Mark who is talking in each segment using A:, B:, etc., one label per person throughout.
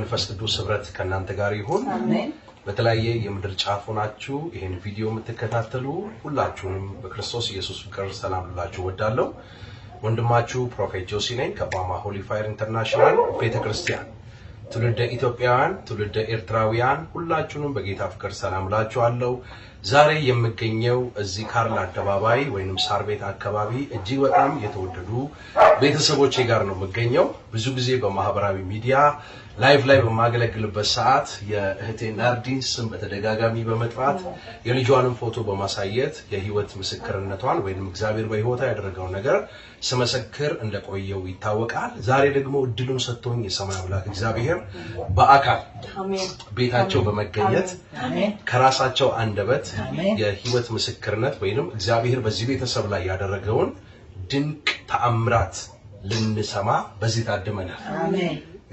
A: መንፈስ ቅዱስ ህብረት ከእናንተ ጋር ይሁን። በተለያየ የምድር ጫፍ ሆናችሁ ይህን ቪዲዮ የምትከታተሉ ሁላችሁንም በክርስቶስ ኢየሱስ ፍቅር ሰላም ልላችሁ ወዳለሁ። ወንድማችሁ ፕሮፌት ጆሲ ነኝ ከባማ ሆሊ ፋየር ኢንተርናሽናል ቤተ ክርስቲያን። ትውልደ ኢትዮጵያውያን፣ ትውልደ ኤርትራውያን ሁላችሁንም በጌታ ፍቅር ሰላም እላችኋለሁ። ዛሬ የምገኘው እዚህ ካርል አደባባይ ወይም ሳር ቤት አካባቢ እጅግ በጣም የተወደዱ ቤተሰቦቼ ጋር ነው የምገኘው። ብዙ ጊዜ በማህበራዊ ሚዲያ ላይቭ ላይ በማገለግልበት ሰዓት የእህቴ ናርዲን ስም በተደጋጋሚ በመጥራት የልጇንም ፎቶ በማሳየት የህይወት ምስክርነቷን ወይም እግዚአብሔር በህይወቷ ያደረገው ነገር ስመሰክር እንደቆየው ይታወቃል። ዛሬ ደግሞ እድሉን ሰጥቶኝ የሰማይ አምላክ እግዚአብሔር በአካል ቤታቸው በመገኘት ከራሳቸው አንደበት የህይወት ምስክርነት ወይንም እግዚአብሔር በዚህ ቤተሰብ ላይ ያደረገውን ድንቅ ተአምራት ልንሰማ በዚህ ታድመናል።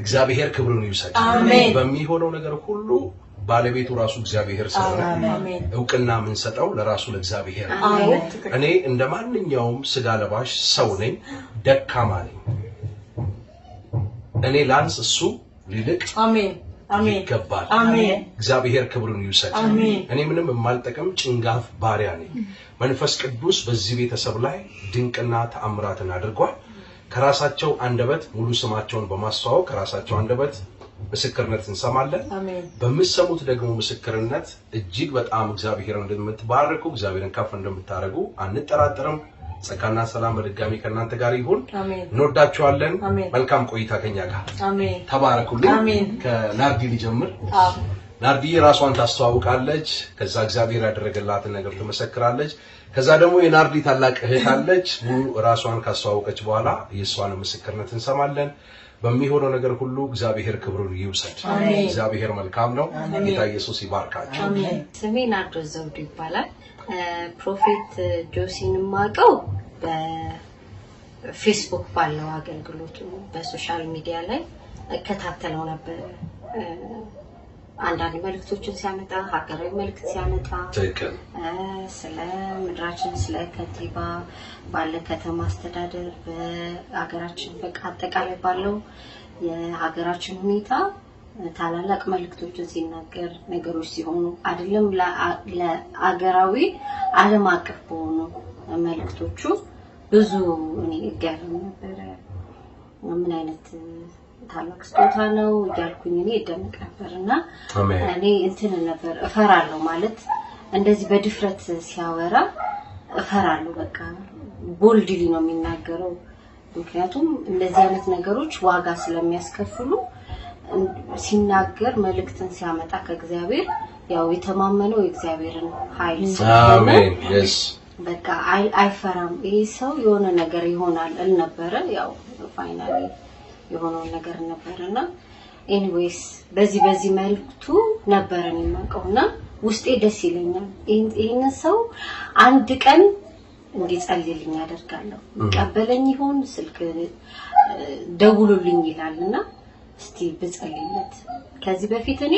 A: እግዚአብሔር ክብሩን ይውሰድ። በሚሆነው ነገር ሁሉ ባለቤቱ ራሱ እግዚአብሔር ስለሆነ እውቅና የምንሰጠው ለራሱ ለእግዚአብሔር እኔ እንደ ማንኛውም ስጋ ለባሽ ሰው ነኝ፣ ደካማ ነኝ። እኔ ላንስ፣ እሱ ሊልቅ ይገባል። እግዚአብሔር ክብሩን ይውሰድ። እኔ ምንም የማልጠቅም ጭንጋፍ ባሪያ ነኝ። መንፈስ ቅዱስ በዚህ ቤተሰብ ላይ ድንቅና ተአምራትን አድርጓል። ከራሳቸው አንደበት ሙሉ ስማቸውን በማስተዋወቅ ከራሳቸው አንደበት ምስክርነት እንሰማለን። በምሰሙት ደግሞ ምስክርነት እጅግ በጣም እግዚአብሔርን እንደምትባርኩ እግዚአብሔርን ከፍ እንደምታደርጉ አንጠራጠርም። ጸጋና ሰላም በድጋሚ ከእናንተ ጋር ይሁን። እንወዳችኋለን። መልካም ቆይታ ከኛ ጋር ተባረኩልን። ከናርዲ ሊጀምር። ናርዲ ራሷን ታስተዋውቃለች። ከዛ እግዚአብሔር ያደረገላትን ነገር ትመሰክራለች። ከዛ ደግሞ የናርዲ ታላቅ እህት አለች። ራሷን ካስተዋወቀች በኋላ የእሷን ምስክርነት እንሰማለን። በሚሆነው ነገር ሁሉ እግዚአብሔር ክብሩን ይውሰድ። እግዚአብሔር መልካም ነው። ጌታ ኢየሱስ ይባርካቸው።
B: ስሜ ናርዶስ ዘውዱ ይባላል። ፕሮፌት ጆሲን ማቀው በፌስቡክ ባለው አገልግሎቱ በሶሻል ሚዲያ ላይ እከታተለው ነበር። አንዳንድ መልእክቶችን ሲያመጣ ሀገራዊ መልእክት ሲያመጣ ስለ ምድራችን፣ ስለ ከንቲባ ባለ ከተማ አስተዳደር፣ በሀገራችን በቃ አጠቃላይ ባለው የሀገራችን ሁኔታ ታላላቅ መልእክቶችን ሲናገር ነገሮች ሲሆኑ አይደለም ለአገራዊ ዓለም አቀፍ በሆኑ መልእክቶቹ ብዙ እኔ እገርም ነበረ ምን አይነት ታላቅ ስጦታ ነው እያልኩኝ እኔ እደነቅ ነበር እና እኔ እንትን ነበር እፈራለሁ ማለት እንደዚህ በድፍረት ሲያወራ እፈራለሁ። በቃ ቦልድሊ ነው የሚናገረው። ምክንያቱም እንደዚህ አይነት ነገሮች ዋጋ ስለሚያስከፍሉ ሲናገር መልእክትን ሲያመጣ ከእግዚአብሔር ያው የተማመነው የእግዚአብሔርን ኃይል ስለሆነ በቃ አይፈራም። ይሄ ሰው የሆነ ነገር ይሆናል አልነበረ ያው ፋይናሊ የሆነውን ነገር ነበር እና ኤኒዌይስ በዚህ በዚህ መልክቱ ነበረን የማውቀውና ውስጤ ደስ ይለኛል። ይህንን ሰው አንድ ቀን እንዲጸልልኝ አደርጋለሁ። ይቀበለኝ ይሆን ስልክ ደውሉልኝ ይላል እና እስቲ ብጸልይለት። ከዚህ በፊት እኔ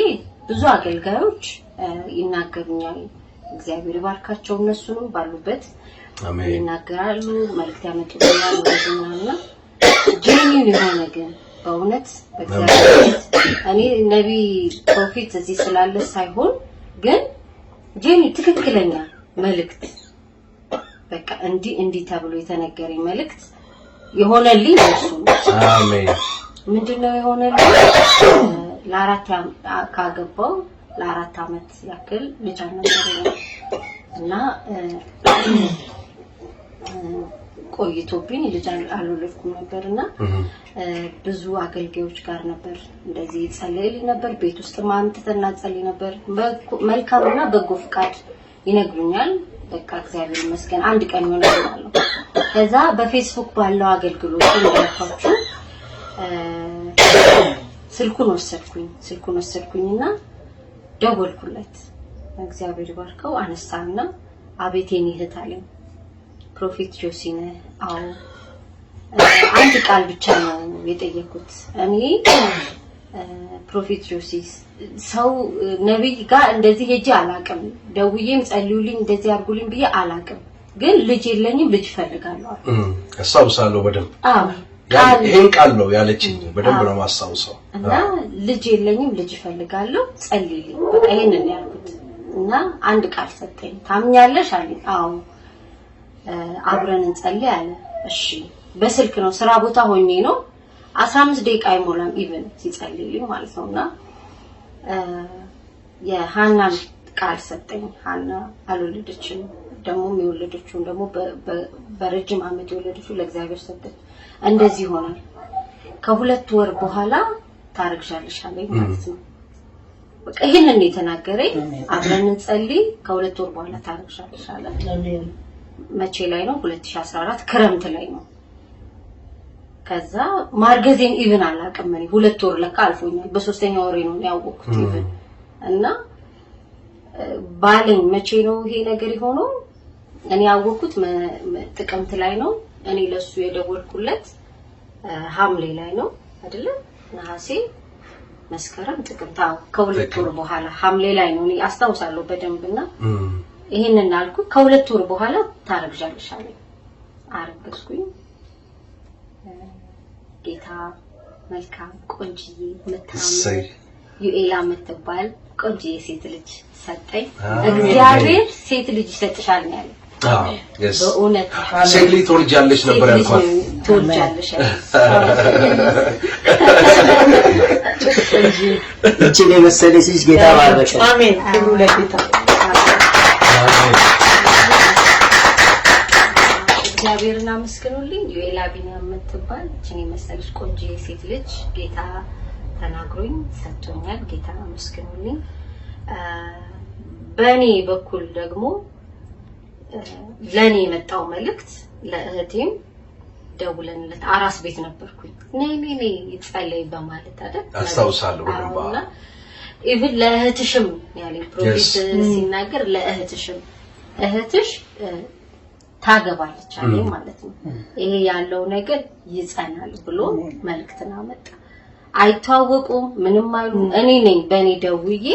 B: ብዙ አገልጋዮች ይናገሩኛል። እግዚአብሔር ይባርካቸው እነሱንም ባሉበት ይናገራሉ፣ መልእክት ያመጡልኛል ወደኛና ጄኒን የሆነ ግን በእውነት እኔ ነቢ ፕሮፊት እዚህ ስላለ ሳይሆን ግን ጄኒ ትክክለኛ መልእክት በቃ እንዲህ እንዲህ ተብሎ የተነገረኝ መልእክት የሆነልኝ እሱ አሜን። ምንድነው የሆነልኝ? ለአራት ካገባው ለአራት አመት ያክል ልጅ አልነበረኝም እና ቆይቶብኝ ልጅ አልወለድኩም ነበር እና ብዙ አገልጋዮች ጋር ነበር እንደዚህ ጸልይልኝ ነበር። ቤት ውስጥ ማምጥተና ጸልይ ነበር። መልካምና በጎ ፍቃድ ይነግሩኛል። በቃ እግዚአብሔር ይመስገን አንድ ቀን ሆነ ነው። ከዛ በፌስቡክ ባለው አገልግሎት እንደፋችሁ ስልኩን ወሰድኩኝ ስልኩን ወሰድኩኝና ደወልኩለት። እግዚአብሔር ይባርከው አነሳና አቤት አቤቴን ይህታለኝ ፕሮፌት ጆሲን አዎ አንድ ቃል ብቻ ነው የጠየኩት። እኔ ፕሮፌት ጆሲስ ሰው ነቢይ ጋር እንደዚህ ሄጄ አላቅም፣ ደውዬም ጸልዩልኝ እንደዚህ አርጉልኝ ብዬ አላቅም። ግን ልጅ የለኝም ልጅ እፈልጋለሁ
A: አስታውሳለሁ በደንብ አዎ ይሄን ቃል ነው ያለችኝ። በደንብ ነው ማስታውሰው።
B: እና ልጅ የለኝም ልጅ እፈልጋለሁ ጸልዩልኝ በቃ ይሄንን ያልኩት እና አንድ ቃል ሰጠኝ። ታምኛለሽ አለኝ። አዎ አብረን እንጸልይ አለ። እሺ በስልክ ነው ስራ ቦታ ሆኜ ነው 15 ደቂቃ አይሞላም ኢቭን ሲጸልይ ማለት ነውና የሃናን ቃል ሰጠኝ። ሃና አልወለደችም፣ ደግሞ የወለደችውን ደግሞ በረጅም ዓመት የወለደችው ለእግዚአብሔር ሰጠች። እንደዚህ ይሆናል፣ ከሁለት ወር በኋላ ታረግዣለሽ አለኝ ማለት ነው። በቃ ይህንን የተናገረኝ አብረን እንጸልይ፣ ከሁለት ወር በኋላ ታረግዣለሽ አለ። መቼ ላይ ነው? 2014 ክረምት ላይ ነው። ከዛ ማርገዜን ኢቭን አላውቅም እኔ ሁለት ወር ለካ አልፎኛል። በሶስተኛ ወሬ ነው ያወቅኩት ኢቭን እና ባለኝ መቼ ነው ይሄ ነገር የሆነው? እኔ ያወቅኩት ጥቅምት ላይ ነው። እኔ ለሱ የደወልኩለት ሐምሌ ላይ ነው አይደለም ነሐሴ፣ መስከረም፣ ጥቅምት ከሁለት ወር በኋላ ሐምሌ ላይ ነው እኔ አስታውሳለሁ በደንብና ይሄንን አልኩ። ከሁለት ወር በኋላ ታረግዣለሽ አለኝ። አረገዝኩኝ። ጌታ መልካም ቆንጅዬ መታመን ዩኤላ የምትባል ቆንጅዬ ሴት ልጅ ሰጠኝ። እግዚአብሔር ሴት ልጅ ይሰጥሻል ነው ያለኝ።
A: ሴት ልጅ ትወልጃለሽ ነበር ያልኳት።
B: ትወልጃለሽ
A: እንጂ የመሰለች ልጅ ጌታ
B: አሜን። እግዚአብሔርን አመስግኑልኝ። ዩኤል አቢና የምትባል እችን የመሰለች ቆንጆ የሴት ልጅ ጌታ ተናግሮኝ ሰጥቶኛል። ጌታ አመስግኑልኝ። በእኔ በኩል ደግሞ ለእኔ የመጣው መልእክት ለእህቴም ደውለንለት አራስ ቤት ነበርኩኝ። ነይ ነይ ነይ ይጸለይ በማለት አይደል
A: አስታውሳለሁ።
B: ኢቭን ለእህትሽም ያለኝ ፕሮፌት mm. ሲናገር ለእህትሽም እህትሽ ታገባለች አለኝ mm. ማለት ነው። mm. ይሄ ያለው ነገር ይጸናል ብሎ መልእክትን አመጣ። አይተዋወቁም ምንም አይሉ እኔ ነኝ በእኔ ደውዬ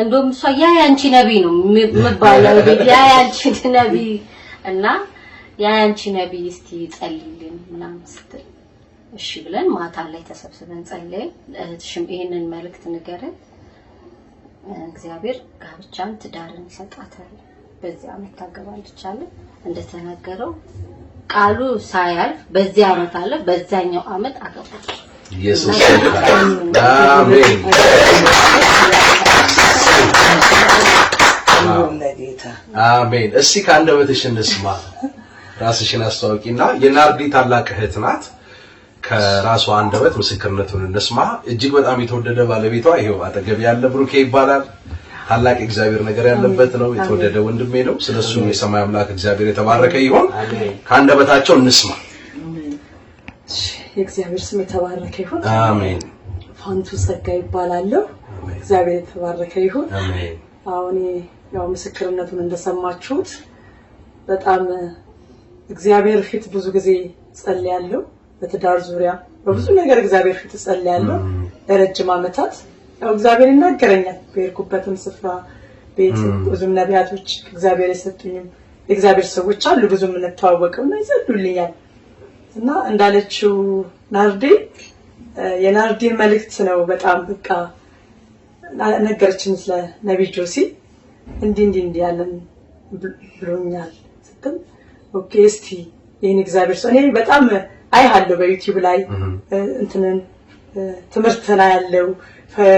B: እንደውም እሷ ያ ያንቺ ነቢ ነው የምባለው ያ ያንቺ ነቢ እና ያ ያንቺ ነቢ እስቲ ጸልይልን ምናምን ስትል እሺ ብለን ማታ ላይ ተሰብስበን ጸለይን። እህትሽም ይሄንን መልእክት ንገረን እግዚአብሔር ጋብቻን ትዳርን ይሰጣታል። በዚህ ዓመት ታገባለች አለ እንደተናገረው ቃሉ ሳያልፍ በዚህ አመት አለ በዛኛው አመት አገባች።
A: ኢየሱስ አሜን። አሜን። እስቲ ከአንደበትሽ እንስማ። ራስሽን አስተዋውቂና የናርዲ ታላቅ እህት ናት። ከራሷ አንደበት ምስክርነቱን እንስማ። እጅግ በጣም የተወደደ ባለቤቷ ይሄው አጠገብ ያለ ብሩኬ ይባላል። ታላቅ እግዚአብሔር ነገር ያለበት ነው። የተወደደ ወንድሜ ነው። ስለሱ የሰማይ አምላክ እግዚአብሔር የተባረከ ይሆን። ከአንደበታቸው እንስማ።
B: የእግዚአብሔር ስም የተባረከ ይሁን። አሜን። ፋንቱ ጸጋ ይባላለሁ። እግዚአብሔር የተባረከ ይሁን። አሜን። አሁን ያው ምስክርነቱን እንደሰማችሁት በጣም እግዚአብሔር ፊት ብዙ ጊዜ ጸልያለሁ። በትዳር ዙሪያ በብዙ ነገር እግዚአብሔር ፊት እጸልያለሁ ለረጅም አመታት ያው እግዚአብሔር ይናገረኛል በሄድኩበትም ስፍራ ቤት ብዙም ነቢያቶች እግዚአብሔር የሰጡኝም የእግዚአብሔር ሰዎች አሉ ብዙ የምንተዋወቀው እና ይጸዱልኛል እና እንዳለችው ናርዴ የናርዴን መልእክት ነው በጣም በቃ ነገረችን ስለ ነቢ ጆሲ እንዲህ እንዲህ እንዲህ ያለን ብሎኛል ስትል ኦኬ እስቲ ይህን እግዚአብሔር ሰው እኔ በጣም አይሃለሁ በዩቲዩብ ላይ እንትንን ትምህርትን አያለው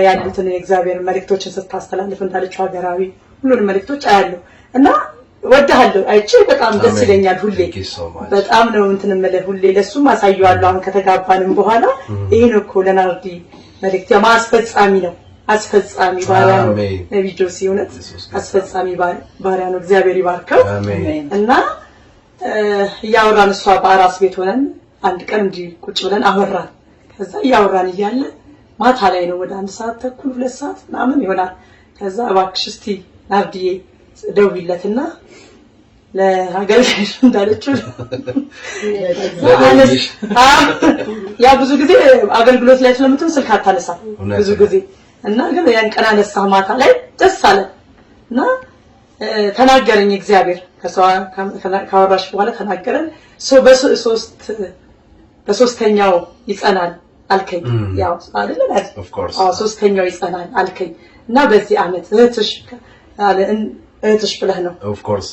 B: ያሉትን የእግዚአብሔር መልእክቶችን ስታስተላልፍ እንዳለችው ሀገራዊ ሁሉንም መልእክቶች አያለሁ እና ወድሃለሁ አይቼ በጣም ደስ ይለኛል። ሁሌ በጣም ነው እንትን የምልህ ሁሌ ለሱም አሳየዋለሁ። አሁን ከተጋባንም በኋላ ይሄን እኮ ለናርዲ መልእክት አስፈጻሚ ነው አስፈጻሚ ባሪያ ነው። ነብይ ጆሲ እውነት አስፈጻሚ ባሪያ ነው። እግዚአብሔር ይባርከው እና እያወራን እሷ በአራስ ቤት ሆነን አንድ ቀን እንዲህ ቁጭ ብለን አወራን። ከዛ እያወራን እያለ ማታ ላይ ነው ወደ አንድ ሰዓት ተኩል ሁለት ሰዓት ምናምን ይሆናል። ከዛ እባክሽ እስቲ ናርዲዬ ደውይለትና ለአገልጋይሽ እንዳለችው ያ ብዙ ጊዜ አገልግሎት ላይ ስለምትሆን ስልክ አታነሳ ብዙ ጊዜ እና ግን ያን ቀን አነሳ ማታ ላይ ደስ አለ እና ተናገረኝ እግዚአብሔር ከሰዋ ካወራሽ በኋላ ተናገረን ሶ በሶስት በሶስተኛው ይጸናል አልከኝ። ያው አይደለ ሶስተኛው ይጸናል አልከኝ እና በዚህ ዓመት እህትሽ እህትሽ ብለህ ነው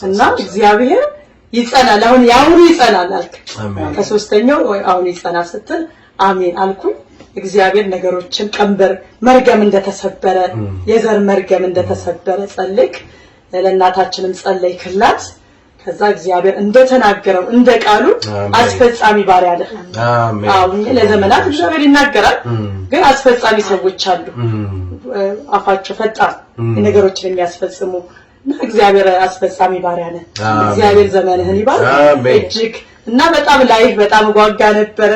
B: እና እግዚአብሔር ይጸናል አሁን ያሁኑ ይጸናል አልክ። ከሶስተኛው አሁን ይጸናል ስትል አሜን አልኩኝ። እግዚአብሔር ነገሮችን ቀንበር መርገም እንደተሰበረ የዘር መርገም እንደተሰበረ ጸልክ ለእናታችንም ጸለይክላት። ከዛ እግዚአብሔር እንደተናገረው እንደ ቃሉ አስፈጻሚ ባሪያ አለ። አሜን። ለዘመናት እግዚአብሔር ይናገራል፣ ግን አስፈጻሚ ሰዎች አሉ። አፋቸው ፈጣን ነገሮችን የሚያስፈጽሙ እና እግዚአብሔር አስፈጻሚ ባሪያ አለ። እግዚአብሔር ዘመንህን ይባርክ እጅግ እና በጣም ላይፍ በጣም ጓጋ ነበረ።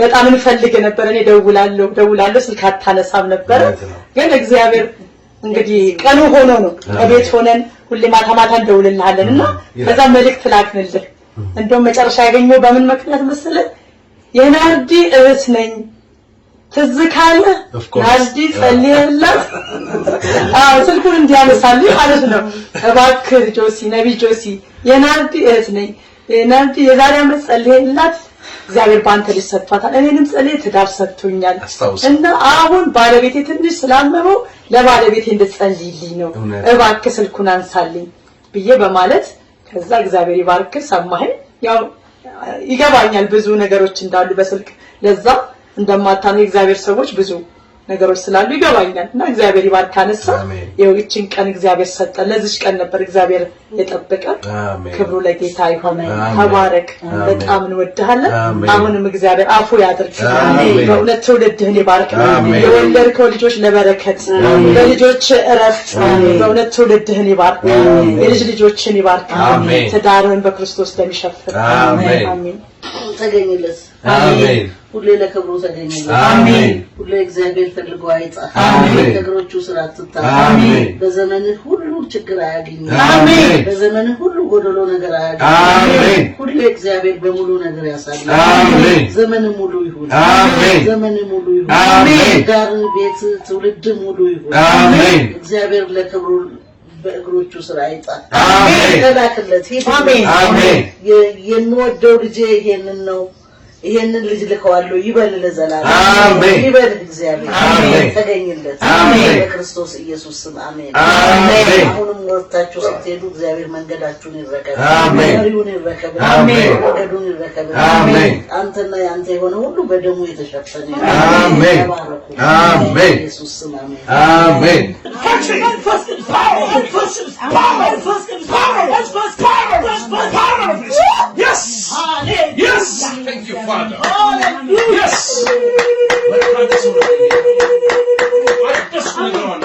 B: በጣም እንፈልግ ነበረ። እኔ ደውላለሁ ደውላለሁ ስልክ አታነሳም ነበረ። ግን እግዚአብሔር እንግዲህ ቀኑ ሆኖ ነው ቤት ሆነን ሁሌ ማታ ማታ እንደውልልሃለን እና በዛ መልእክት ላክንልህ። እንደውም መጨረሻ ያገኘው በምን ምክንያት መሰለህ? የናርዲ እህት ነኝ ትዝ ካለ ናርዲ ጸልየላት፣ አዎ ስልኩን እንዲያነሳልኝ ማለት ነው። እባክህ ጆሲ፣ ነቢ ጆሲ የናርዲ እህት ነኝ ናርዲ የዛሬ ዓመት ጸልየላት እግዚአብሔር በአንተ ልጅ ሰጥቷታል፣ እኔንም ጸልዬ ትዳር ሰጥቶኛል እና አሁን ባለቤቴ ትንሽ ስላመመው ለባለቤቴ እንድትጸልይልኝ ነው እባክህ ስልኩን አንሳልኝ ብዬ በማለት ከዛ እግዚአብሔር ይባርክ ሰማኸኝ። ያው ይገባኛል ብዙ ነገሮች እንዳሉ በስልክ ለዛ እንደማታነው የእግዚአብሔር ሰዎች ብዙ ነገሮች ስላሉ ይገባኛል እና እግዚአብሔር ይባርካንሳ የውጭን ቀን እግዚአብሔር ሰጠ። ለዚች ቀን ነበር እግዚአብሔር የጠበቀ። ክብሩ ለጌታ ይሆነ። ተባረክ። በጣም እንወድሃለን። አሁንም እግዚአብሔር አፉ ያድርግ። በእውነት ትውልድህን ይባርክ። የወለድከው ልጆች ለበረከት፣ ለልጆች እረፍት፣ በእውነት ትውልድህን ይባርክ። የልጅ ልጆችን ይባርክ። ትዳርህን በክርስቶስ ደም ይሸፍን። ተገኝለት አሜን። ሁሌ ለክብሩ ተገኘ። አሜን። ሁሌ እግዚአብሔር ፈልገው አይጣህ። አሜን። ነገሮቹ ስራ አትታ። አሜን። በዘመንህ ሁሉ ችግር አያገኝ። አሜን። በዘመንህ ሁሉ ጎደሎ ነገር አያገኝ።
A: አሜን።
B: ሁሌ እግዚአብሔር በሙሉ ነገር ያሳያል። አሜን። ዘመን ሙሉ ይሁን። አሜን። ዘመን ሙሉ ይሁን። አሜን። ዳር ቤት ትውልድ ሙሉ ይሁን። አሜን። እግዚአብሔር ለክብሩ በእግሮቹ ስራ አይጣል። አሜን። ተላክለት። አሜን። የምወደው ልጄ ይሄንን ነው ይሄንን ልጅ ልከዋለሁ ይበል፣ ለዘላለም አሜን ይበል። እግዚአብሔር አሜን ተገኝለት፣ አሜን በክርስቶስ ኢየሱስ ስም አሜን።
A: አሁንም
B: ወጥታችሁ ስትሄዱ እግዚአብሔር መንገዳችሁን ይረከብ፣ አሜን። መሪውን ይረከብ፣ አሜን። ይረከብ፣ አሜን። አንተና ያንተ የሆነ ሁሉ በደሙ የተሸፈነ
A: አሜን፣ አሜን።
B: ኢየሱስ ስም አሜን፣
A: አሜን። Yes! Yes! Thank you, Father. Father. Yes! አዲስ ነገሯን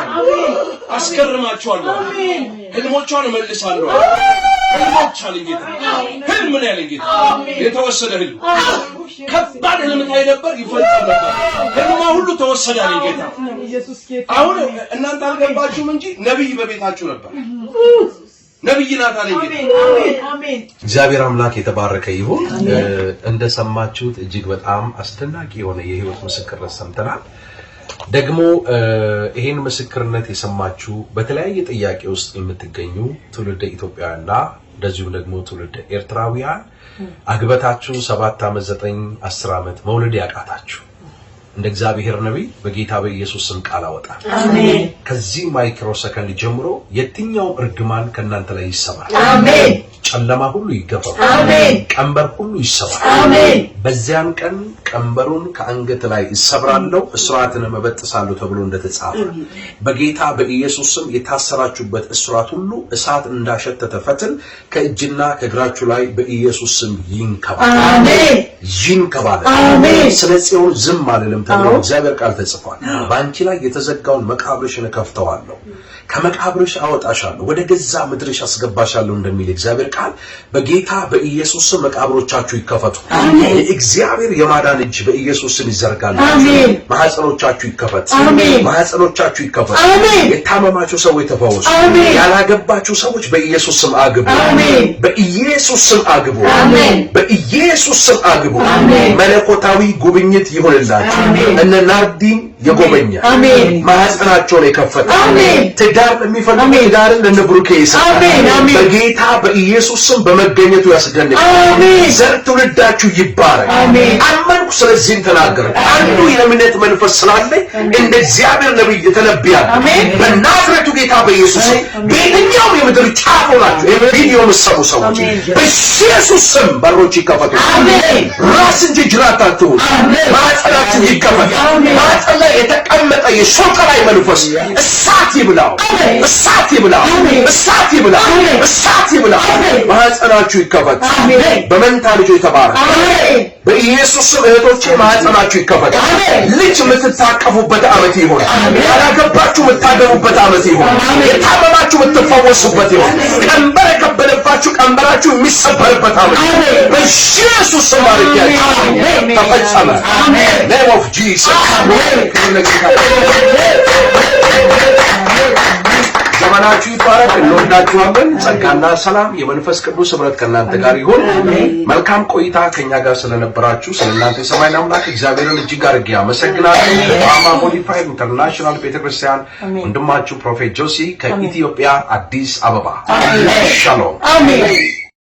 A: አስገርማችኋለሁ። ህልሞቿን እመልሳለሁ። ህልሞች አለኝ ጌታ። ህልም ነው ያለኝ ጌታ። የተወሰደ ህልም ከባድ ህልም ታይ ነበር ይፈጸም ነበር። ህልማ ሁሉ ተወሰደ አለኝ ጌታ። አሁን እናንተ አልገባችሁም እንጂ ነቢይ በቤታችሁ ነበር። ነብይ ናት አለኝ። እግዚአብሔር አምላክ የተባረከ ይሁን። እንደሰማችሁት እጅግ በጣም አስደናቂ የሆነ የህይወት ምስክርነት ሰምተናል። ደግሞ ይሄን ምስክርነት የሰማችሁ በተለያየ ጥያቄ ውስጥ የምትገኙ ትውልደ ኢትዮጵያውያንና እንደዚሁም ደግሞ ትውልደ ኤርትራውያን አግበታችሁ ሰባት ዓመት ዘጠኝ አስር ዓመት መውለድ ያቃታችሁ እንደ እግዚአብሔር ነቢይ በጌታ በኢየሱስ ስም ቃል አወጣ አሜን። ከዚህ ማይክሮ ሰከንድ ጀምሮ የትኛው እርግማን ከእናንተ ላይ ይሰማል አሜን። ጨለማ ሁሉ ይገፋል። አሜን። ቀንበር ሁሉ ይሰባል። አሜን። በዚያን ቀን ቀንበሩን ከአንገት ላይ እሰብራለሁ፣ እስራትን መበጥሳለሁ ተብሎ እንደተጻፈ በጌታ በኢየሱስ ስም የታሰራችሁበት እስራት ሁሉ እሳት እንዳሸተተ ፈትል ከእጅና ከእግራችሁ ላይ በኢየሱስ ስም ይንከባል። አሜን። ይንከባል። አሜን። ስለ ጽዮን ዝም አልልም ተብሎ እግዚአብሔር ቃል ተጽፏል። በአንቺ ላይ የተዘጋውን መቃብርሽን እከፍተዋለሁ፣ ከመቃብርሽ አወጣሻለሁ፣ ወደ ገዛ ምድርሽ አስገባሻለሁ እንደሚል እግዚአብሔር ቃል ቃል በጌታ በኢየሱስ ስም መቃብሮቻችሁ ይከፈቱ። የእግዚአብሔር የማዳን እጅ በኢየሱስ ስም ይዘርጋል። ማህፀኖቻችሁ ይከፈቱ። ማህፀኖቻችሁ ይከፈቱ። የታመማችሁ ሰዎች ተፈወሱ። ያላገባችሁ ሰዎች በኢየሱስ ስም አግቡ። በኢየሱስ ስም አግቡ። በኢየሱስ ስም አግቡ። መለኮታዊ ጉብኝት ይሁንላችሁ። እነ ናርዲን ይጎበኛል። ማህፀናቸውን የከፈተ ትዳር የሚፈልጉ ትዳርን ለነብሩኬ ይሰጣል። በጌታ በኢየሱስ በመገኘቱ ያስደንቃል። ዘር ትውልዳችሁ ይባረክ። አመንኩ፣ ስለዚህም ተናገረ። አንዱ የእምነት መንፈስ ስላለኝ እንደ እግዚአብሔር ነቢይ ተነብያለሁ። በናዝሬቱ ጌታ በኢየሱስ በየትኛውም የምድር ጫፍ ሆናችሁ ቪዲዮ የምትሰሙ ሰዎች በኢየሱስ ስም በሮች ይከፈቱ። ራስ እንጂ ጅራት አትሁን። ማህፀናችሁ ይከፈታል። የተቀመጠ የሾቀላይ መንፈስ እሳት ይብላው፣ እሳት ይብላው፣ እሳት ይብላው፣ እሳት ይብላው። ማህፀናችሁ ይከፈት። በመንታ ልጆች ተባረክ። በኢየሱስ ስም እህቶቼ ማህጸናችሁ ይከፈታል። ልጅ የምትታቀፉበት ዓመት ይሆን። ያላገባችሁ የምታገቡበት ዓመት ይሆን። የታመማችሁ የምትፈወሱበት ይሆን። ቀንበር የከበደባችሁ ቀንበራችሁ የሚሰበርበት ዓመት በኢየሱስ ስም አድርጊያለሁ። ተፈጸመ። ኔም ኦፍ ጂሰስ ዘመናችሁ ይባረክ። እንወዳችኋለን። ጸጋና ሰላም የመንፈስ ቅዱስ ህብረት ከእናንተ ጋር ይሁን። መልካም ቆይታ ከእኛ ጋር ስለነበ ስለነበራችሁ ስለ እናንተ የሰማይን አምላክ እግዚአብሔርን እጅግ አድርጌ አመሰግናለሁ። ለማማ ሞዲፋይድ ኢንተርናሽናል ቤተክርስቲያን ወንድማችሁ ፕሮፌት ጆሲ ከኢትዮጵያ አዲስ አበባ ሻሎም።